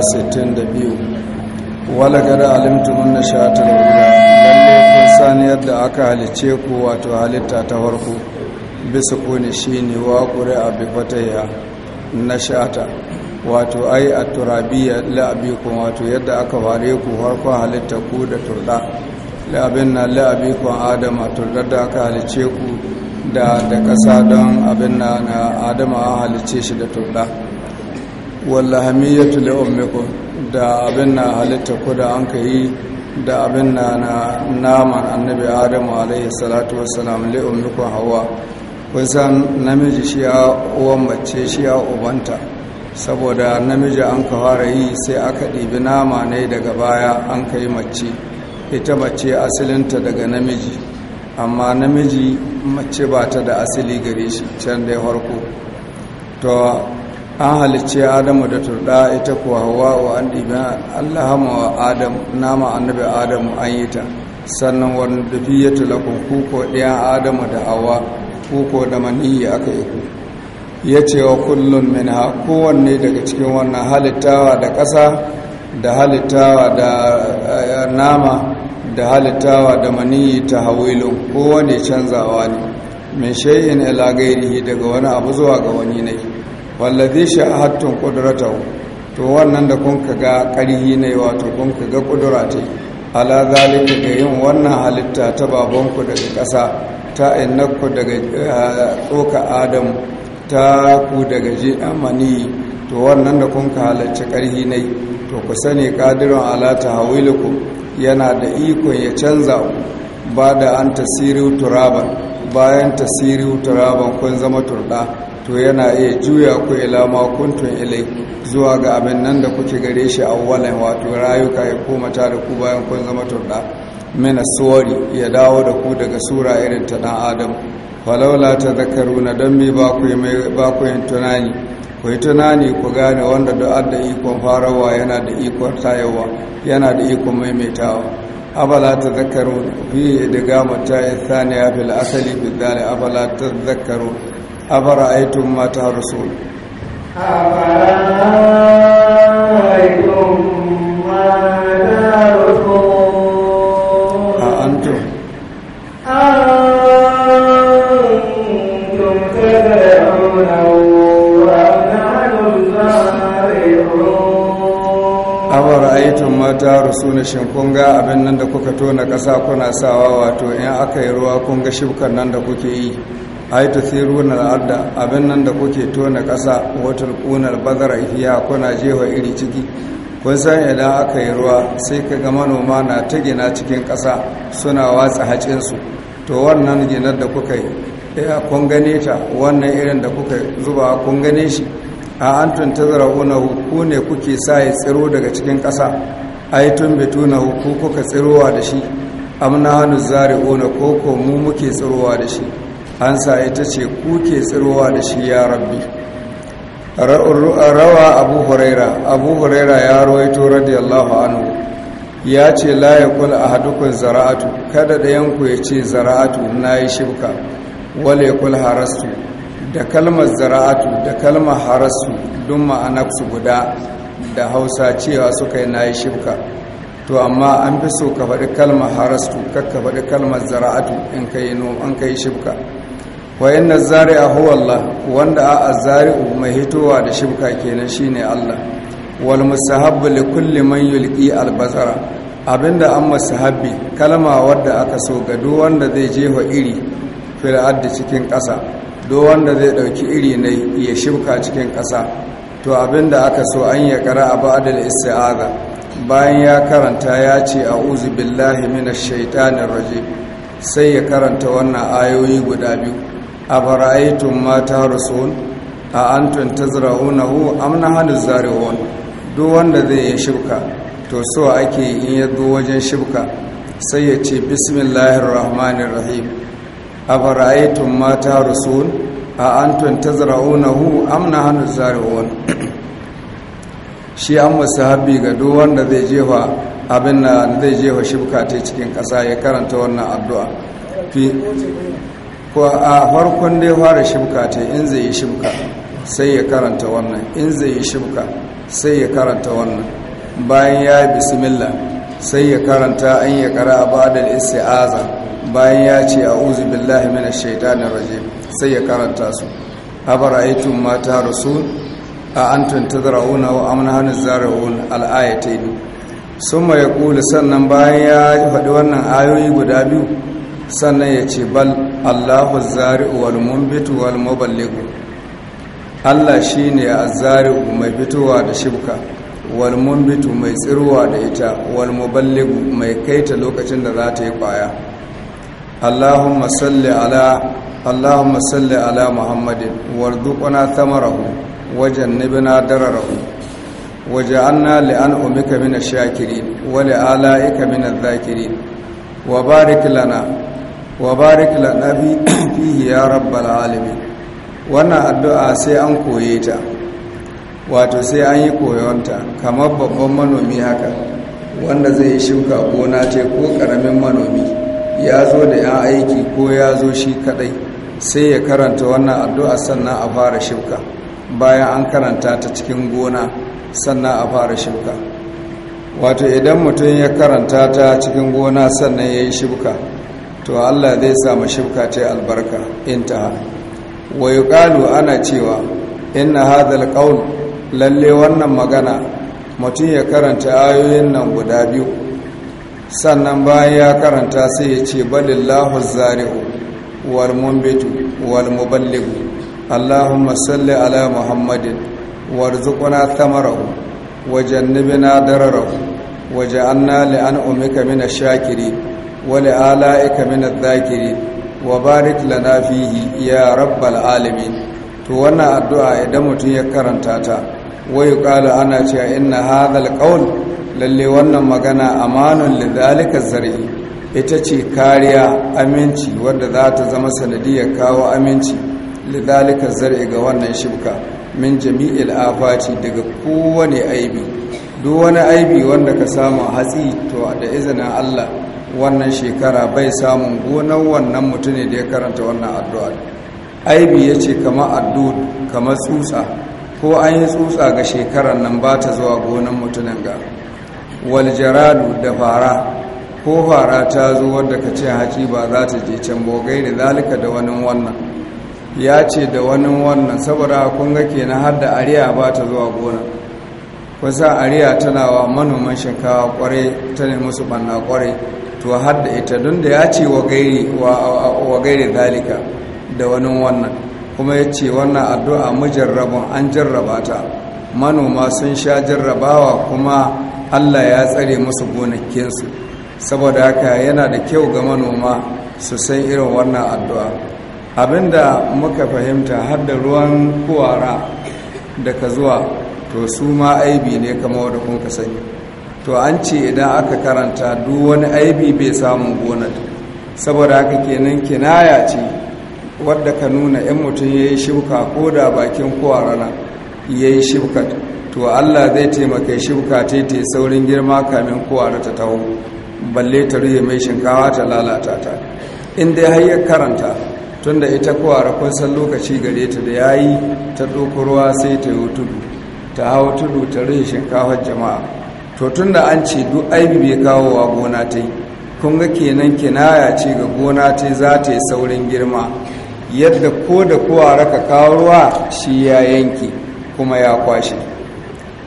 62 wala gada alimtumun na shatar guda lalle kun saniyar da aka halice ku wato halitta ta farko bisa kone shi ne wa ƙuri a ya na shata wato ai a turabiya la'abikun wato yadda aka ware ku farkon halitta ku da turda la'abin na la'abikun adama turda da aka halice ku da da ƙasa don abin na adama a halice shi da turda wallahamiyatu da ummikum da abin na halitta ku da an ka yi da abin na naman annabi adamu alaihi salatu wassalam li ummikum hawa san namiji shi ya uwan mace shi ya ubanta saboda namiji an ka fara yi sai aka ɗibi nama ne daga baya an ka yi mace ita mace asilinta daga namiji amma namiji mace ba ta da asili gare shi can dai harko farko to an halicce adamu da turɗa ita kuwa hawa wa an ɗiba allah wa adam nama annabi adamu an yi ta sannan wani dafi ya tulakun kuko ɗiyan adamu da hawa kuko da maniyi aka yi ku ya ce wa kullum min ha kowanne daga cikin wannan halittawa da ƙasa da halittawa da eh, nama da halittawa da maniyi ta hawilun kowane canzawa ne mai shai'in ilagairihi daga wani abu zuwa ga wani ne. wallazi sha'ahattun qudratahu to wannan da kun ga karihi ne wato kun ga kudura ce ala zalika ga yin wannan halitta ta babanku daga ƙasa ta innakku daga eh, tsoka adam ta ku daga amani to wannan da kun ka halarci ƙarhi ne to ku sani ala ta hawiluku yana da ikon ya canza ba da an tasiri turaban bayan tasiri turaban kun zama turda. to yana iya juya ku ila makuntun ilai zuwa ga abin nan da kuke gare shi a awwalan wato rayuka ya koma ta da ku bayan kun zama turda mena suwari ya dawo da ku daga sura irin ta dan adam zakaru na dan me ba ku mai ba ku yin tunani ku yi tunani ku gane wanda da adda ikon farawa yana da ikon tayawa yana da ikon maimaitawa ta zakaru fi idgama ta ithaniya fil asali abala ta zakaru abara aitun mata rasul ta rasu na shin kun ga abin nan da kuka tona kasa kuna sawa wato in aka yi ruwa kun ga shibkan nan da kuke yi ai sai siruna al'adda abin nan da kuke tona ƙasa watar ƙunar bazara iya kuna jefa iri ciki kun san idan aka yi ruwa sai ka ga manoma na ta gina cikin ƙasa suna watsa hacinsu to wannan ginar da kuka yi eh, kun gane ta wannan irin da kuka zuba kun gane shi a an tuntazara una ku ne kuke sa ya tsiro daga cikin ƙasa ai tumbetunahu ku kuka tsirowa da shi amna hannu zari ko koko mu muke tsirowa da shi an ita ta ce kuke tsirowa da shi ya rabbi rawa abu huraira abu huraira ya rawaito radiyallahu anhu ya ce la a ahadukum zara'atu kada da yanku ya ce zara'atu na nayi shibka wala harastu da kalmar zara'atu da kalmar harastu duk ma'anarsu guda da Hausa cewa suka yi nayi shibka to amma an fi so ka faɗi kalmar harastu kakka faɗi kalmar zara'atu in kai shibka wa inna zari'a a Allah wanda a azari'u mai hitowa da shimka kenan shine Allah wal mustahabbu li kulli man yulqi al basara abinda an musahabbi kalma wadda aka so ga duk wanda zai jefa iri fil addi cikin ƙasa duk wanda zai dauki iri ne ya shimka cikin kasa to abinda aka so an ya kara ba'dal isti'aza bayan ya karanta ya ce a'udhu billahi minash shaitanir rajim sai ya karanta wannan ayoyi guda biyu afara'aytum ma tahrusun a antum tazra'unahu amna nahnu zari'un duk wanda zai yi shibka to so ake in ya wajen shibka sai ya ce bismillahir rahmanir rahim afara'aytum ma tahrusun a antum tazra'unahu am nahnu zari'un shi an habi ga duk wanda zai jefa abin da zai jefa shibka ta cikin ƙasa ya karanta wannan addu'a ko a farkon dai fara shimka ta in zai yi shimka sai ya karanta wannan in zai yi shimka sai ya karanta wannan bayan ya yi bismillah sai ya karanta an ya kara ba'dal isti'aza bayan ya ce a'udhu billahi mina shaitanir raje sai ya karanta su abara'aytum mata rasu a tuntun ra'una wa am nahnu zari'un al sun mai kuli sannan bayan ya faɗi wannan ayoyi guda biyu sannan ya ce bal allahu zari'u wal mumbitu wal muballighu allah shine azzari'u mai fitowa da shibka wal mumbitu mai tsirwa da ita wal muballighu mai kaita lokacin da za ta yi kwaya allahumma salli ala allahumma salli ala muhammadin warzuqna thamarahu wajannibna dararahu وجعلنا لأنعمك من alaika ولآلائك من Wa وبارك lana. wa barik lana fihi ya rabbal alamin wannan addu'a sai an koye ta wato sai an yi koyon ta kamar babban manomi haka wanda zai yi shuka gona ce ko karamin manomi ya zo da yan aiki ko ya zo shi kadai sai ya karanta wannan addu'a sannan a fara shuka bayan an karanta ta cikin gona sannan a fara shuka wato idan mutum ya karanta ta cikin gona sannan ya yi shuka to Allah zai samu shifka ta albarka intaha wa yuqalu ana cewa inna hadhal ƙaun lalle wannan magana mutum ya karanta ayoyin nan guda biyu sannan bayan ya karanta sai ya ce balillahu zari'u wal mumbitu wal muballighu allahumma salli ala muhammadin warzuqna thamarahu wajannibna dararahu waj'alna li an'umika minash shakirin Wani ala'ika minat zakiri wa barik lana fihi ya rabbal alamin to wannan addu'a idan mutum ya karanta ta wai qala ana cewa inna hadhal qawl lalle wannan magana amanun lidhalika zari ita ce kariya aminci wadda za ta zama sanadiyar kawo aminci lidhalika zari ga wannan shibka min jami'il afati daga kowane aibi duk wani aibi wanda ka samu hatsi to da izinin Allah wannan shekara bai samun gonar wannan mutumin da ya karanta wannan addu'ar, aibi ya ce kama addu'a kama tsutsa ko an yi tsutsa ga shekarar nan ba ta zuwa gonar mutumin ga waljaradu da fara ko fara ta zo wadda ka ce haƙi ba za ta je can bogai da zalika da wani wannan ya ce da wani wannan saboda kun ga na har da ariya ba ta zuwa gonar kusa ariya tana wa manoman shinkawa kwarai ta ne musu banna kwarai to har da ita don da ya ce wa gairi dalika da wani wannan kuma ya ce wannan addu'a mujarrabin an jarraba ta manoma sun sha jarrabawa kuma allah ya tsare musu gonakinsu saboda haka yana da kyau ga manoma su san irin wannan addu'a abinda muka fahimta har da ruwan kuwara daga zuwa to su ma aibi ne kama wadda kun ka sani to an ce idan aka karanta duk wani aibi bai samun gonar saboda haka kenan kinaya ce wadda ka nuna 'yan mutum ya yi shibka ko da bakin kowarana ya yi shibka to allah zai taimaka shibka ta yi saurin girma kamin kowara ta taho balle ta rufe mai shinkawa ta lalata ta in dai har ya karanta tunda ita kowara kun lokaci gare ta da yi ta ɗauko sai ta yi tudu ta hau tudu ta rufe shinkawar jama'a to tun da an ce duk aibi bai kawo gona ta yi kun ga kenan kinaya ce ga gona ta za ta yi saurin girma yadda ko da kowa raka kawo ruwa shi ya yanke kuma ya kwashe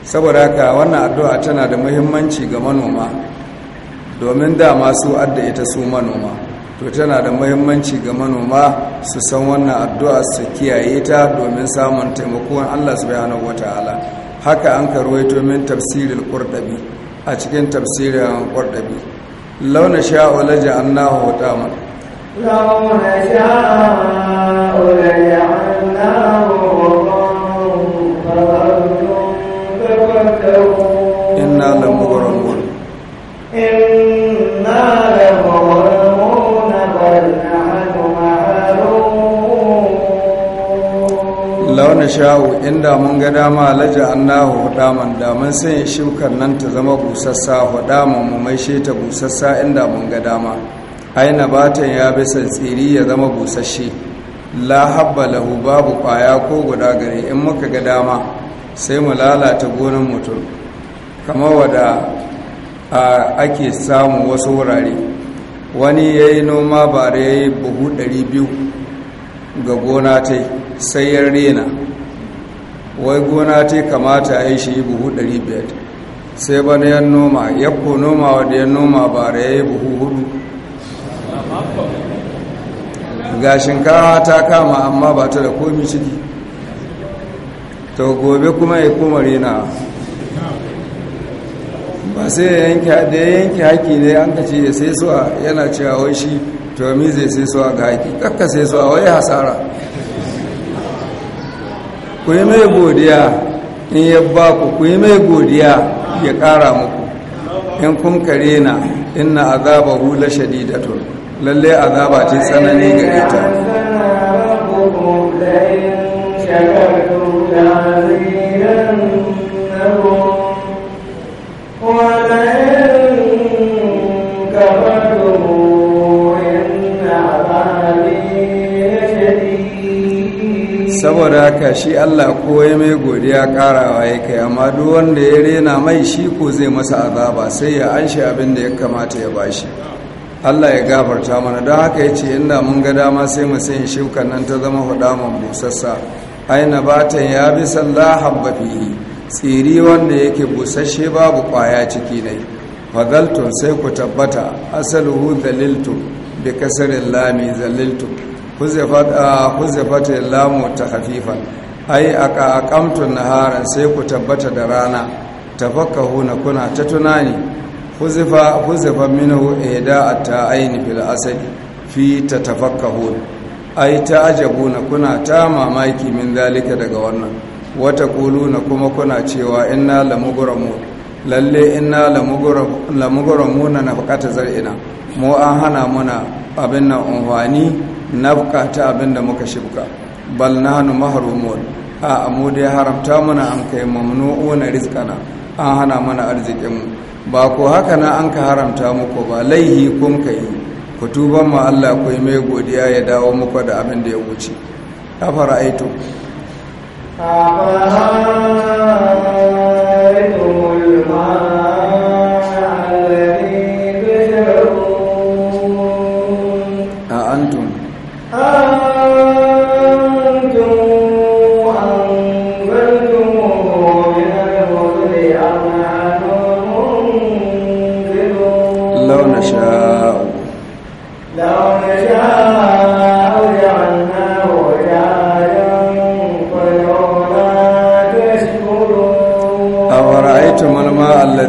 saboda haka wannan addu'a tana da muhimmanci ga manoma domin da masu adda ita su manoma to tana da muhimmanci ga manoma su san wannan addu'a su kiyaye ta domin samun taimakon Allah subhanahu wataala haka an karwaito min tafsirin ƙwarɗabi, a cikin tafsirin ƙwarɗabi. launa sha'o laji an na hota ma launa sha'o laji an na hota inna lamurar wuri inna launa sha'u inda mun ga dama laja annahu hudaman damar sai sanya shukar nan ta zama busassa hudaman mu maishe ta busassa inda mun ga dama aina batan ya bisa tsiri ya zama busashe. la habba lahu babu kwaya ko guda gare in muka ga dama sai mu lalata gonan mutum kamar wada a ake samu wasu wurare wani ya yi noma bare ya yi buhu 200 ga gona ta sai ya rena wai gona ta kamata a yi shi buhu 500 sai bana ya noma ya ko noma wadda ya noma da ya yi buhu hudu ga shinkawa ta kama amma ba ta da komi ciki to gobe kuma ya koma rena ba sai ya yanke haƙi ne an ka ya sai suwa yana cewa wai shi to mi zai sai suwa ga haƙi ƙakka sai suwa wai hasara ku yi mai godiya in ya ba ku ku yi mai godiya ya ƙara muku in kun kare na ina azaba hula shadidatun lalle azaba ce tsanani ga ita saboda haka shi Allah ko ya mai godiya karawa ya kai amma duk wanda ya rena mai shi ko zai masa azaba sai ya anshi abin da ya kamata ya bashi Allah ya gafarta mana don haka ya ce inda mun ga dama sai mu sayin shukan nan ta zama mun busassa aina batan ya bi sallah habba tsiri wanda yake busasshe babu kwaya ciki ne fadaltun sai ku tabbata asaluhu daliltum bi kasarin lami zaliltu kuzafata ah, lamu ta hafifan ai a kamtun naharan sai ku tabbata da rana tafakkahu na kuna ta tunani huzifa huzifa minhu ihda atta aini fil asadi fi tatafakkahu ai ta ajabu na kuna ta mamaki min dalika daga wannan wata kuluna kuma kuna cewa inna lamugramu lalle inna lamugramu na nafaqata zar'ina mu an hana muna abin nan unhwani nafka ta abin da muka shibka bal hannu mahrumun a mu dai haramta mana an kai na rizqana an hana mana arzikin mu ba ko haka na an ka haramta muku ba laihi kun kai ku tuba ma Allah ku mai godiya ya dawo muku da abin da ya wuce afara aito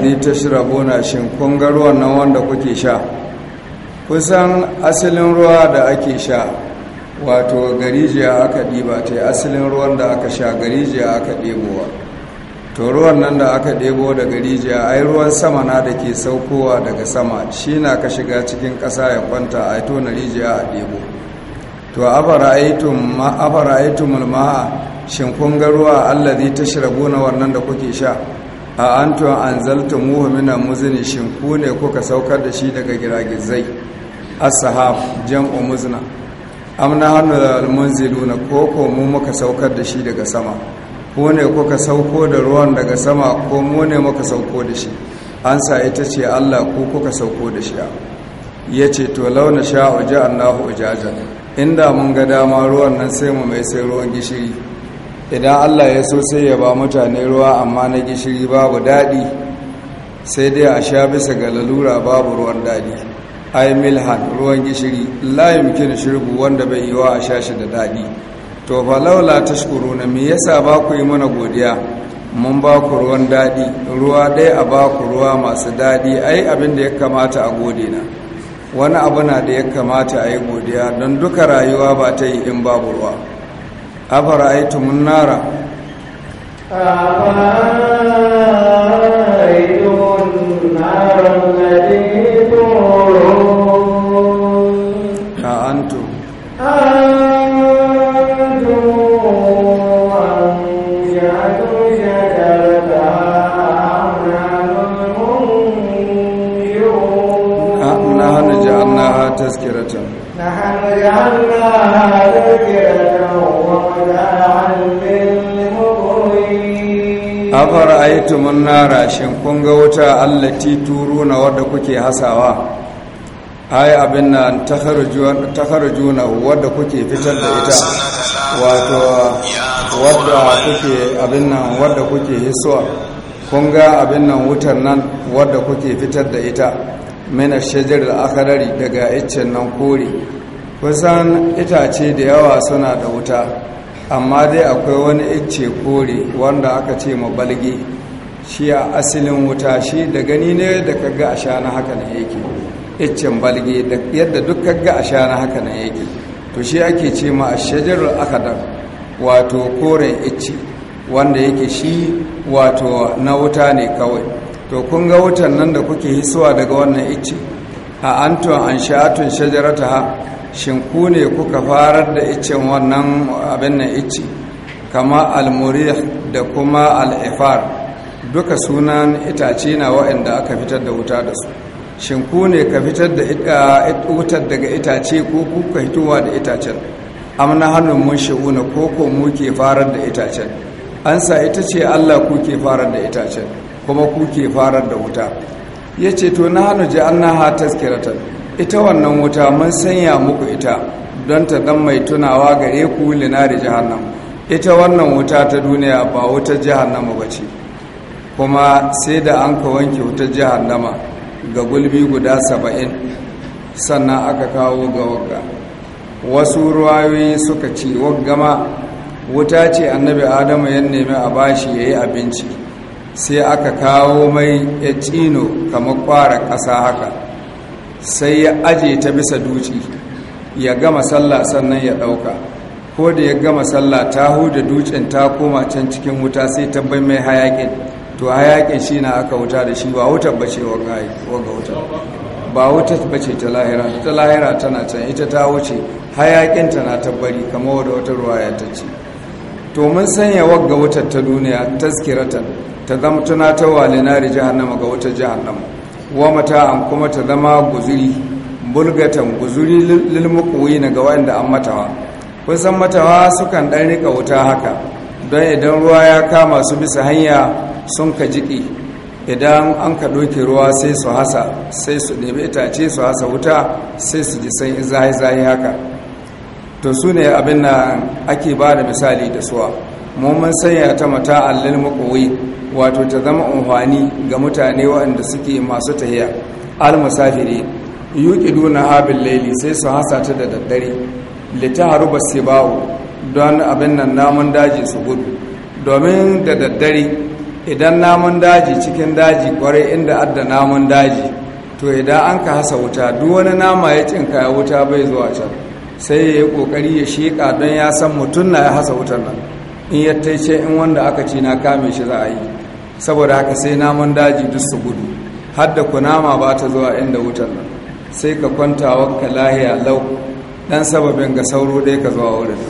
allazi tashrabuna shin kun ga ruwan nan wanda kuke sha kusan asalin ruwa da ake sha wato garijiya aka ɗiba ta asalin ruwan da aka sha garijiya aka ɗebowa to ruwan nan da aka ɗebo da garijiya ai ruwan sama na da ke saukowa daga sama shi na ka shiga cikin ƙasa ya kwanta a ito na rijiya a ɗebo to afara'aitum ma'a shin kun ga ruwa allazi na wannan da kuke sha a an anzalta muhu mina muzini shin ku ne kuka saukar da shi daga giragizai as-sahab jam'u muzna am nahnu al-munziluna ko ko mu muka saukar da shi daga sama ko ne kuka sauko da ruwan daga sama ko mu ne muka sauko da shi an sa ita ce Allah ko kuka sauko da shi ya ce to launa sha'u ja'annahu ujajan inda mun ga dama ruwan nan sai mu mai sai ruwan gishiri idan allah ya so sai ya ba mutane ruwa amma na gishiri babu daɗi sai dai a sha bisa ga lalura babu ruwan daɗi ai milhan ruwan gishiri layin kin shirbu wanda bai yiwa a sha shi da daɗi to fa laula shukuru na me yasa ba ku yi mana godiya mun ba ku ruwan daɗi ruwa dai a ba ku ruwa masu daɗi ai abin da ya kamata a gode na wani abu na da ya kamata a yi godiya don duka rayuwa ba ta yi in babu ruwa afara aitumun nara تذكرة نحن جعلناها تذكرة afara aitumun nara shin kun ga wuta Allah tituru na wadda kuke hasawa ai abin nan na wadda kuke fitar da ita wato wadda kuke abin nan wadda kuke hisuwa kun ga abin nan wutar nan wadda kuke fitar da ita mina shajar da akarari daga iccen nan kore kusan itace da yawa suna da wuta amma dai akwai wani icce kore wanda aka ce balge shi a asalin wuta shi da gani ne da kaga a shana haka na yake iccen balge yadda duk kaga a shana haka na yake to shi ake ce ma a shajarar akadar wato kore icce wanda yake shi wato na wuta ne kawai to kun ga wutan nan da kuke hisuwa daga wannan icce a anton an sha'atun shajarata shin ku ne kuka farar da icin wannan abin nan icin kama almuri da kuma al'ifar duka sunan itace na waɗanda aka fitar da wuta da su shin ku ne ka fitar da wutar daga itace ko kuka hitowa da itacen amna hannun mun shi'una ko koko mu ke farar da itacen an sa ita ce allah ku ke farar da itacen kuma ku ke farar da wuta ya ce to na hannu ji an na ha taskiratan ita wannan wuta mun sanya muku ita don ta zan mai tunawa gare ku da jahannam ita wannan wuta ta duniya ba wutar jahannama ba ce kuma sai da an ka wanke wutar jahannama ga gulbi guda saba'in sannan aka kawo ga wagga wasu ruwayoyi suka ce waggama wuta ce annabi adamu ya nemi a bashi ya yi abinci sai aka kawo mai ya cino kamar kwara ƙasa haka sai ya aje ta bisa duci ya gama sallah sannan ya ɗauka ko da ya gama sallah ta huda ducin ta koma can cikin wuta sai tabbai mai hayakin to hayakin shi na aka wuta da shi ba wutar bace waga wuta ba wutar bace ta lahira ta lahira tana can ita ta wuce hayakin ta na tabbari kama wadda wata ya ta ce to mun sanya waga wutar ta duniya taskiratan ta zama tunatarwa linari jahannama ga wutar jahannama wa an kuma ta zama guzuri bulgatan guzuri lilmukuyi na ga wanda an matawa kun san matawa sukan dan rika wuta haka don idan ruwa ya kama su bisa hanya sun ka jiki idan an ka doke ruwa sai su hasa sai su nemi itace su hasa wuta sai su ji san zai-zai haka to su ne abin da ake ba da misali da suwa mun sanya ta mata'an lilmuqwi wato ta zama amfani ga mutane waɗanda suke masu tahiya al musafiri yuki duna habin laili sai su hasa ta da daddare lita haruba bawo, don abin nan namun daji su gudu domin da daddare idan namun daji cikin daji kwarai inda adda namun daji to idan an ka hasa wuta duk wani nama ya cinka ya wuta bai zuwa can sai ya yi kokari ya sheƙa don ya san mutum na ya hasa wutar nan in ya taice in wanda aka ci na kame shi za a yi saboda haka sai namun daji duk su gudu hadda kunama ba ta zuwa inda wutar nan sai ka kwanta wakka lahiya lau dan sababin ga sauro dai ka zuwa wurin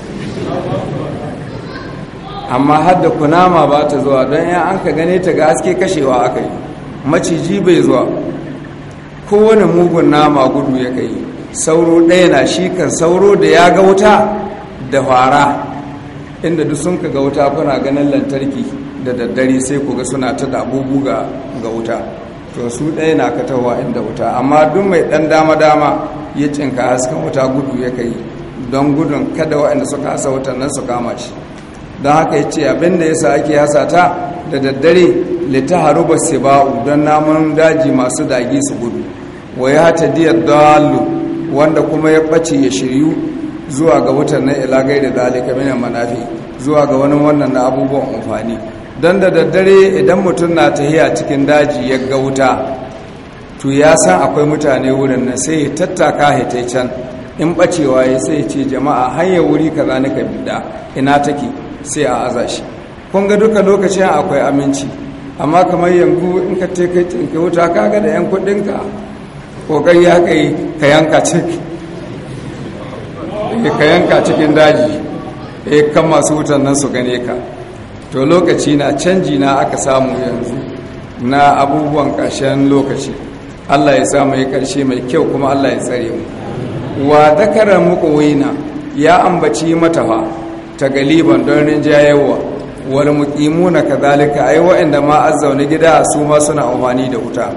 amma hadda kunama ba ta zuwa don ya an ka gane ta ga haske kashewa aka yi maciji bai zuwa kowane mugun nama gudu ya kai sauro ɗaya na shi kan sauro da ya ga wuta da fara inda duk sun ka ga wuta kuna ganin lantarki da daddare sai ku ga suna ta dabubu ga ga wuta to su ɗaya na katawa inda wuta amma duk mai ɗan dama dama ya cinka hasken wuta gudu ya kai don gudun kada waɗanda suka hasa wutan nan su kama shi don haka ya ce abin da ya sa ake hasa ta da daddare lita haruba ba don namun daji masu dagi su gudu wa ya hata diyar dalu wanda kuma ya ɓace ya shiryu zuwa ga wutan na ilagai da dalika minan manafi zuwa ga wani wannan na abubuwan amfani don da daddare idan mutum na tahiya cikin daji ya ga wuta to ya san akwai mutane wurin nan sai ya tattaka haitai can in bacewa ya sai ce jama'a hanyar wuri ka za nika bida ina take sai a aza shi kun ga duka lokacin akwai aminci amma kamar yanku in ka teka ka wuta da yan kudinka kokari ya kai ka yanka ciki eh, cikin daji eh kan masu wutan nan su gane ka to lokaci na canji na aka samu yanzu na abubuwan ƙarshen lokaci Allah ya samu ya ƙarshe mai kyau kuma Allah ya tsare mu wa muku waina ya ambaci matafa ta galiban don rinjayewa wal muqimuna kadhalika ai wa'anda ma zaune gida su ma suna amfani da wuta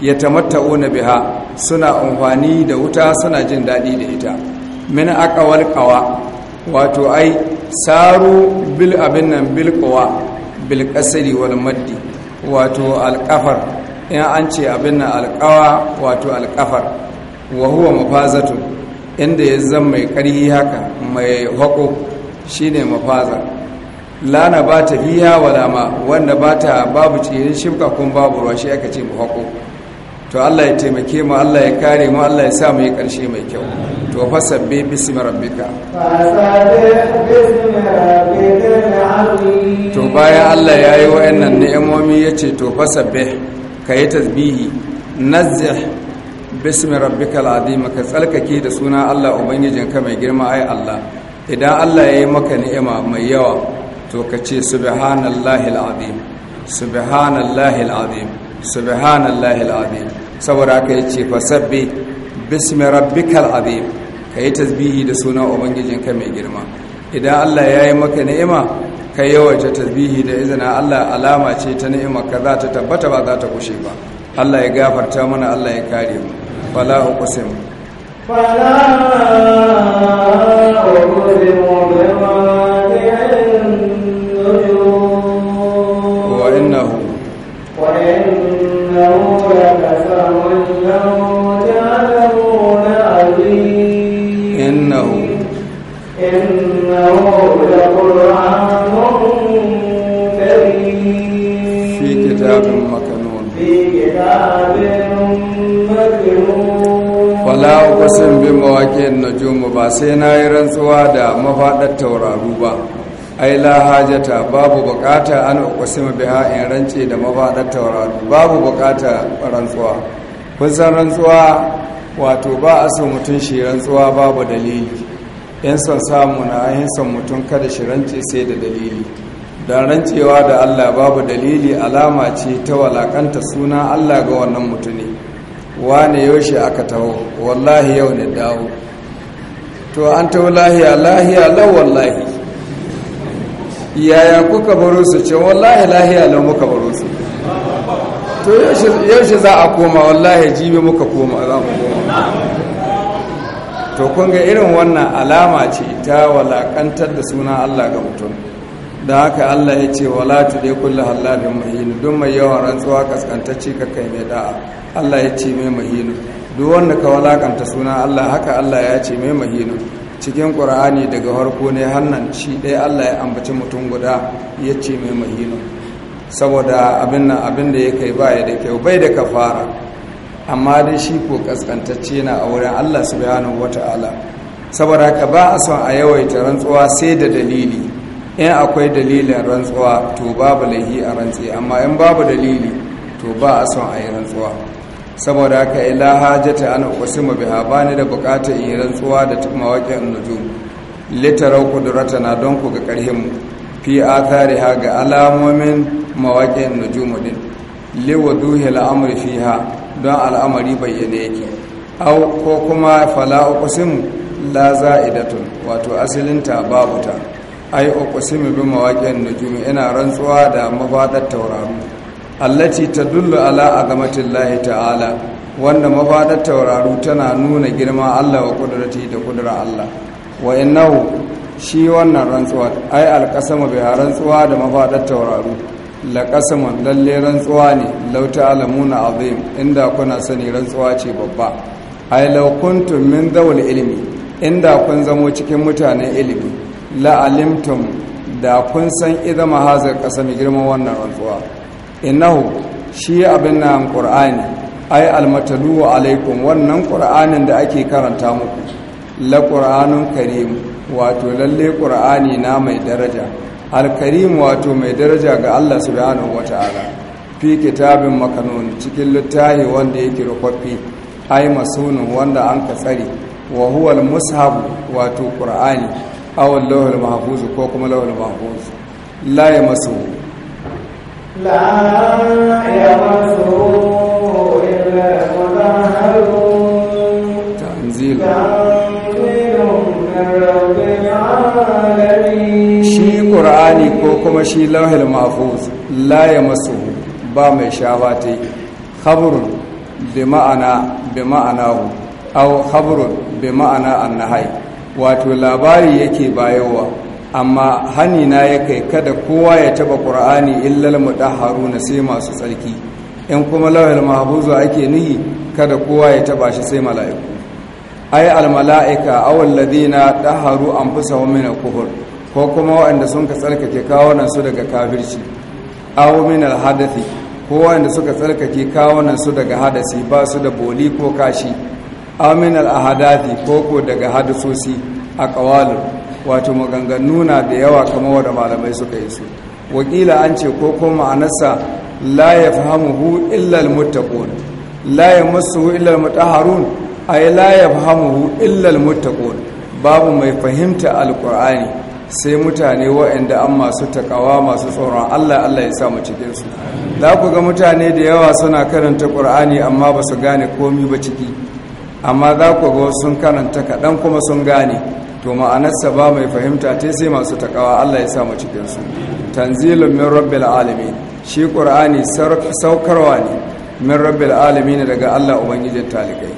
ya na biha suna amfani da wuta suna jin daɗi da ita min aqwal qawa wato ai saru bil abin nan bil kowa bil kasari wal maddi wato alkafar in an ce abin nan alkawa wato alkafar wa huwa mafazatu inda ya zan mai karhi haka mai hako ne mafaza lana ba ta fiya wala ma wanda ba ta babu cikin shifka kun babu ruwa shi aka ce mu hako to Allah ya taimake mu Allah ya kare mu Allah ya sa mu yi ƙarshe mai kyau to fasabbe bismi rabbika to bayan Allah ya yi wa'annan ni'imomi ya ce to fasabbe ka yi tasbihi nazzih bismi rabbika al'azim ka tsalkake da suna Allah ubangijinka mai girma ai Allah idan Allah ya yi maka ni'ima mai yawa to ka ce subhanallahi al'azim subhanallahi al'azim subhanallahi al'azim saboda haka yace fasabbe bismi rabbikal azim ka yi tasbihi da suna ka mai girma idan allah ya yi maka ni'ima ka yawaita tasbihi da izina allah alama ce ta ni'ima ka za ta tabbata ba za ta kushe ba allah ya gafarta mana allah ya kare mu fala uqsim fala uqsim wa innahu wa innahu wala كتاب مكنون في na مكنون ba sai na yi rantsuwa da دا مفادة ba ai la hajata babu buƙata an uqsima bi in rance da mafadar taurari babu bukata rantsuwa kun san rantsuwa wato ba a so mutum shi rantsuwa babu dalili yan son samu na ayin son mutum kada shi rance sai da dalili don rancewa da Allah babu dalili alama ce ta walakanta suna Allah ga wannan mutuni. wane yaushe aka taho wallahi yau ne dawo to an taho lahiya lahiya lau wallahi yaya kuka baro su ce wallahi lahiya lau muka baro su to yaushe za a koma wallahi jibi muka koma za mu koma to kun ga irin wannan alama ce ta walakantar da suna Allah ga mutum da haka Allah ya ce wala dai kullu halabin mahinu don mai yawan rantsuwa kaskantacci ka kai mai da'a Allah ya ce mai mahinu duk wanda ka walakanta suna Allah haka Allah ya ce mai mahinu cikin ƙur'ani daga farko ne hannan shi ɗaya Allah ya ambaci mutum guda ya ce mai mahinu saboda abin nan abin da ya kai ba ya da kyau bai da kafara amma dai shi ko kaskantacce na a wurin Allah subhanahu wata'ala saboda haka ba a son a yawaita rantsuwa sai da dalili in akwai dalilin rantsuwa to babu laihi a rantsi amma in babu dalili to ba a son a yi rantsuwa saboda haka ila hajjata ana uqsimu biha bani da bukatar in yi rantsuwa da mawaqi'un nujum kudurata na don ku ga karhin fi ha ga alamomin mawaqi'un nujum din liwaduhi al'amri fiha don al'amari bayyane yake au ko kuma fala uqsimu la za'idatun wato asalinta babu ta ai uqsimu bi mawaqi'in nujum ina rantsuwa da mafadar allaci allati tadullu ala agamatillahi ta'ala wanda mafadar tauraro tana nuna girma Allah wa qudratihi da qudrar Allah wa innahu shi wannan rantsuwa ai alqasama bi rantsuwa da mafadar tauraro? la qasaman lalle rantsuwa ne law ta'lamuna azim inda kuna sani rantsuwa ce babba ai law kuntum min dawul ilmi inda kun zamo cikin mutanen ilimi la'alimtum da kun san idan mahazar ƙasa mai girman wannan rantsuwa innahu shi abin nan ƙur'ani ai almatalu alaikum wannan ƙur'anin da ake karanta muku la ƙur'anun karim wato lalle ƙur'ani na mai daraja alkarim wato mai daraja ga Allah subhanahu wata'ala fi kitabin makanun cikin littafi wanda yake rukwafi ai masunin wanda an ka tsare wa huwa wato ƙur'ani awon lawal mahfuz ko kuma lawal mahfuz la ya masu la ya masu illa shi ko kuma shi lauhil mafuz la ya masu ba mai shawa ta khabrun bi ma'ana bi ma'anahu aw bi ma'ana annahai wato labari yake bayowa amma hani na ya kai kada kowa ya taba ƙur'ani illal mudahharu na sai masu tsarki in kuma lawal mahfuzu ake nihi kada kowa ya taba shi sai mala'iku ay al mala'ika aw alladhina daharu anfusahum min al kuhur ko kuma waɗanda sun ka tsarkake kawunan su daga kafirci aw min al-hadathi ko waɗanda suka tsarkake kawunan su daga hadasi ba su da boli ko kashi aminal al'ahadati ko ko daga hadisosi a ƙawalin wato maganganu na da yawa kamar wadda malamai suka yi su wakila an ce ko ko ma'anarsa la ya hu illal muttaqun la ya masu illal mutaharun ay la ya hu illal muttaqun babu mai fahimta alqur'ani sai mutane waɗanda an masu takawa masu tsoron Allah Allah ya samu cikin su za ku ga mutane da yawa suna karanta qur'ani amma ba su gane komi ba ciki amma za ku ga sun karanta kaɗan kuma sun gane to ma'anarsa ba mai fahimta ce sai masu takawa Allah ya samu cikinsu tanzilun min rabbil alamin shi qur'ani saukarwa ne min rabbil alamin daga Allah ubangijin talikai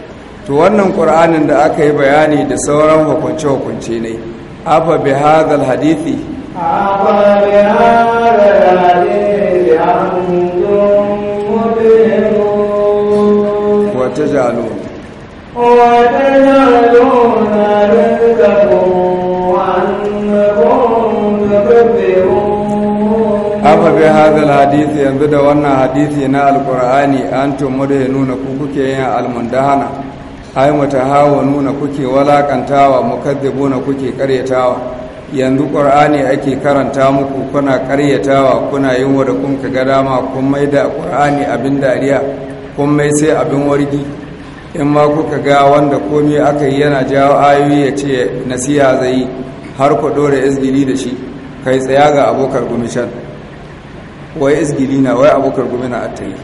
to wannan ƙur'anin da aka yi bayani da sauran hukunce hukunce ne afa bi hadhal hadithi afa bi hadhal hadithi wa tajalun afa bi hadal hadisi yanzu da wannan hadisi na alkur'ani an da ya nuna ku kuke yin almundahana ai hawa nuna kuke walakantawa na kuke karyatawa yanzu qur'ani ake karanta muku kuna karyatawa kuna yin wa kun ka ga dama kun mai da qur'ani abin dariya kun mai sai abin wargi in ma kuka ga wanda komi aka yi yana jawo ayoyi ya ce nasiha zai yi har ku ɗora izgili da shi kai tsaya ga abokar gumishan wai izgili na wai abokar gumina a ta yi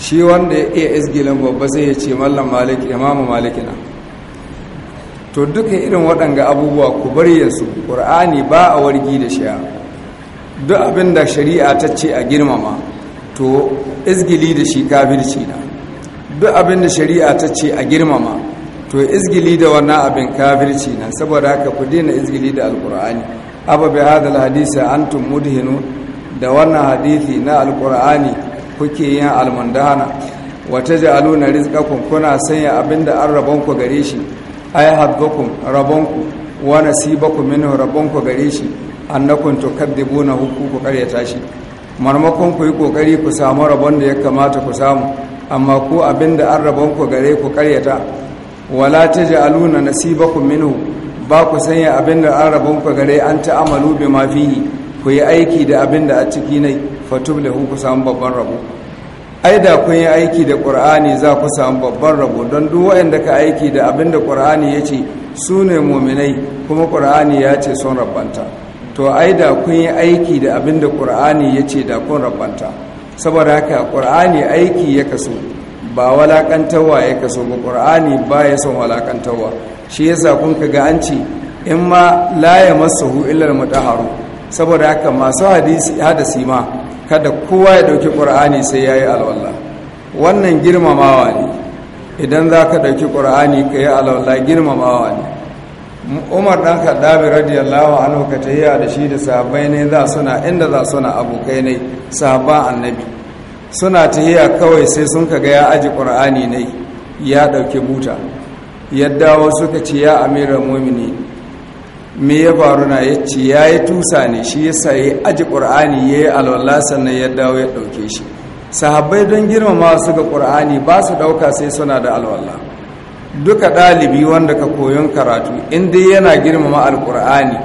shi wanda ya iya izgilin babba sai ya ce mallam malik imamu malikina to duka irin waɗanga abubuwa ku bar yansu ƙur'ani ba a wargi da shi duk abin da shari'a ta ce a girmama to izgili da shi kafirci na duk abin da shari'a ta ce a girmama to izgili da wannan abin kafirci na saboda haka ku dina izgili da alkur'ani aba bi hadal hadisi antum mudhinu da wannan hadisi na alkur'ani kuke yin almundahana wata ja'aluna rizqakum kuna sanya abinda an rabon ku gare shi ay haddukum rabon ku wa nasibakum minhu rabon ku gare shi annakum na hukuku qaryata shi marmakon ku yi kokari ku samu rabon da ya kamata ku samu amma ku abin da an rabon ku gare ku karyata wala ta ji aluna ku minu ba ku sanya abin da an rabon ku gare an ta'amalu bi ma fihi ku yi aiki da abin da a ciki ne fatublahu ku samu babban rabo ai da kun yi aiki da qur'ani za ku samu babban rabo don duk waɗanda ka aiki da abin da qur'ani ya su ne muminai kuma qur'ani ya ce sun rabbanta to ai da kun yi aiki da abin da qur'ani ya da kun rabanta saboda haka ƙur'ani aiki ya kaso ba walakantarwa ya kaso ba ƙur'ani ba ya son walakantarwa shi yasa kun ka ga an ce in ma la ya masahu illar mutahharu saboda haka masu hadisi hadasi ma kada kowa ya ɗauki ƙur'ani sai yayi alwallah wannan girmamawa ne idan za ka ɗauki ƙur'ani ka yi alwallah girmamawa ne umar dan kaddabi radiyallahu anhu ka tahiya da shi da sahabbai ne za suna inda za suna abokai ne sahabba annabi suna tahiya kawai sai sun kaga ya aji qur'ani ne ya dauke buta ya dawo suka ce ya amiral mu'mini me ya faru na ya ce ya yi tusa ne shi ya sayi aji qur'ani ya yi alwala sannan ya dawo ya ɗauke shi sahabbai don girmama su ga qur'ani ba su dauka sai suna da alwala duka ɗalibi wanda ka koyon karatu in dai yana girmama alkur'ani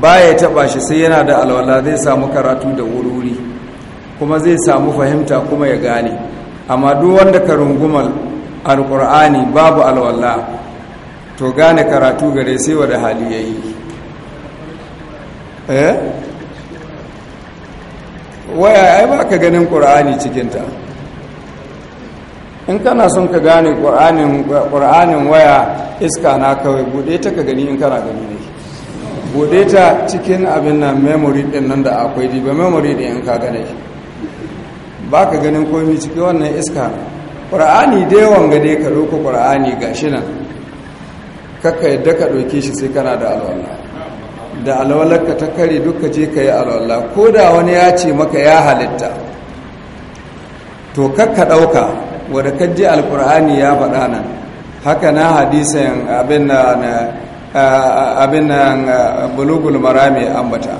ba ya taɓa shi sai yana da alwala zai samu karatu da wuri kuma zai samu fahimta kuma ya gane amma duk wanda ka rungumar alkur'ani babu alwala to gane karatu gare sai wa da hali ya yi eh waya ai ba ka ganin ƙur'ani cikinta in kana son ka gane ƙur'anin waya iska na kawai buɗe ta ka gani in kana gani ne buɗe ta cikin abin nan memory ɗin nan da akwai diba memory ɗin in ka gane ba ka ganin komi cikin wannan iska ƙur'ani dai wanga dai ka ɗauka ƙur'ani ga shi nan kakka yadda ka ɗauke shi sai kana da alwallah da ka ta kare duka je ka yi alwallah ko da wani ya ce maka ya halitta to kakka ɗauka wadda ji alkur'ani ya faɗa nan haka na hadisan abin nan bulugul marami ambata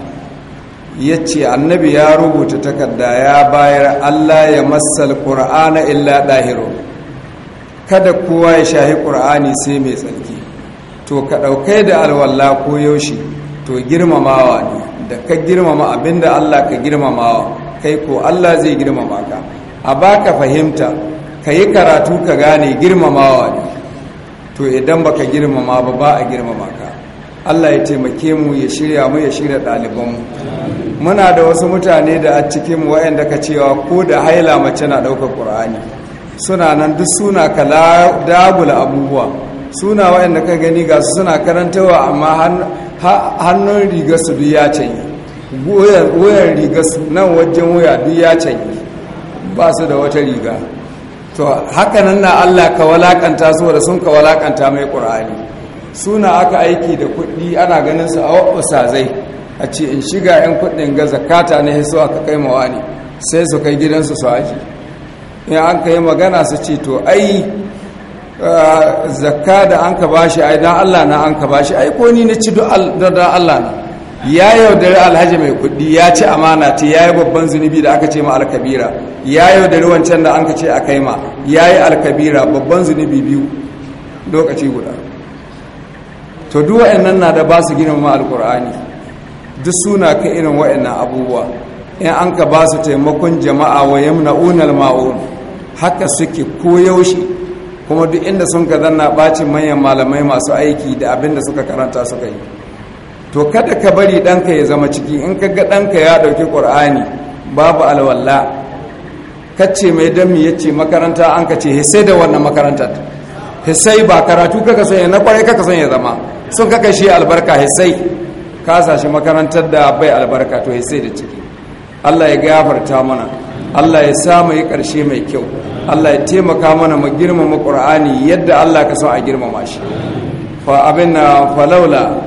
ya ce annabi ya rubuta takarda ya bayar allah ya matsal ƙur'ana illa ɗahiro kada kowa ya shahi ƙur'ani sai mai tsarki to ka ɗaukai da alwallah ko yaushe to girmamawa ne da ka girmama abinda allah ka girmamawa kai ko allah zai girmama ka a baka fahimta ka yi karatu ka gane girmamawa ne to idan baka girmama ba ba a girmama ka Allah ya taimake mu ya shirya mu ya shirya ɗalibanmu muna da wasu mutane da a cikinmu waɗanda ka cewa ko da haila mace na ɗaukar ƙur'ani suna nan duk suna ka dagula abubuwa suna waɗanda ka gani ga su suna karantawa amma hannun riga su duk ya canyi wuyan riga su nan wajen wuya duk ya canyi ba su da wata riga to haka nan na Allah ka walakanta saboda sun ka walakanta mai ƙur'ani suna aka aiki da kuɗi ana ganin su a sa-zai a ce in shiga 'yan kuɗin ga zakata na hiso aka kai mawa ne sai su kai gidansu su aji in an ka yi magana su ce to ai zakka da an ka bashi ai dan Allah na an ka bashi ai ko ni na ci don Allah na ya yaudari alhaji mai kuɗi ya ci amana ta ya yi babban zunubi da aka ce ma alkabira ya yaudari wancan da an ka ce a kai ma ya yi alkabira babban zunubi biyu lokaci guda to duk nan na da ba su gina ma alkur'ani duk suna ka irin wa'annan abubuwa in an ka ba su taimakon jama'a wa yamna'una al-ma'un haka suke koyaushe kuma duk inda sun ka zanna bacin manyan malamai masu aiki da abin da suka karanta suka yi to kada ka bari ɗanka ya zama ciki in ka ga ɗanka ya ɗauki ƙur'ani babu alwalla kacce mai dami ya ce makaranta an ka ce hisai da wannan makarantar hisai ba karatu kaka sanya na kwarai kaka sanya zama sun kaka shi albarka hisai ka sashi makarantar da bai albarka to hisai da ciki allah ya gafarta mana allah ya sa mai ƙarshe mai kyau allah ya taimaka mana mu girmama ƙur'ani yadda allah ka so a girmama shi fa abin na falaula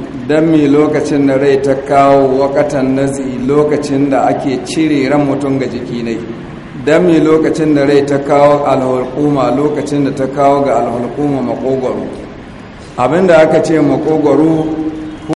don mi lokacin da rai ta kawo wakatan nazi lokacin da ake cire ran mutum ga jiki ne don mi lokacin da rai ta kawo alhalkuma lokacin da ta kawo ga alhukuma makogwaro abinda aka ce makogwaro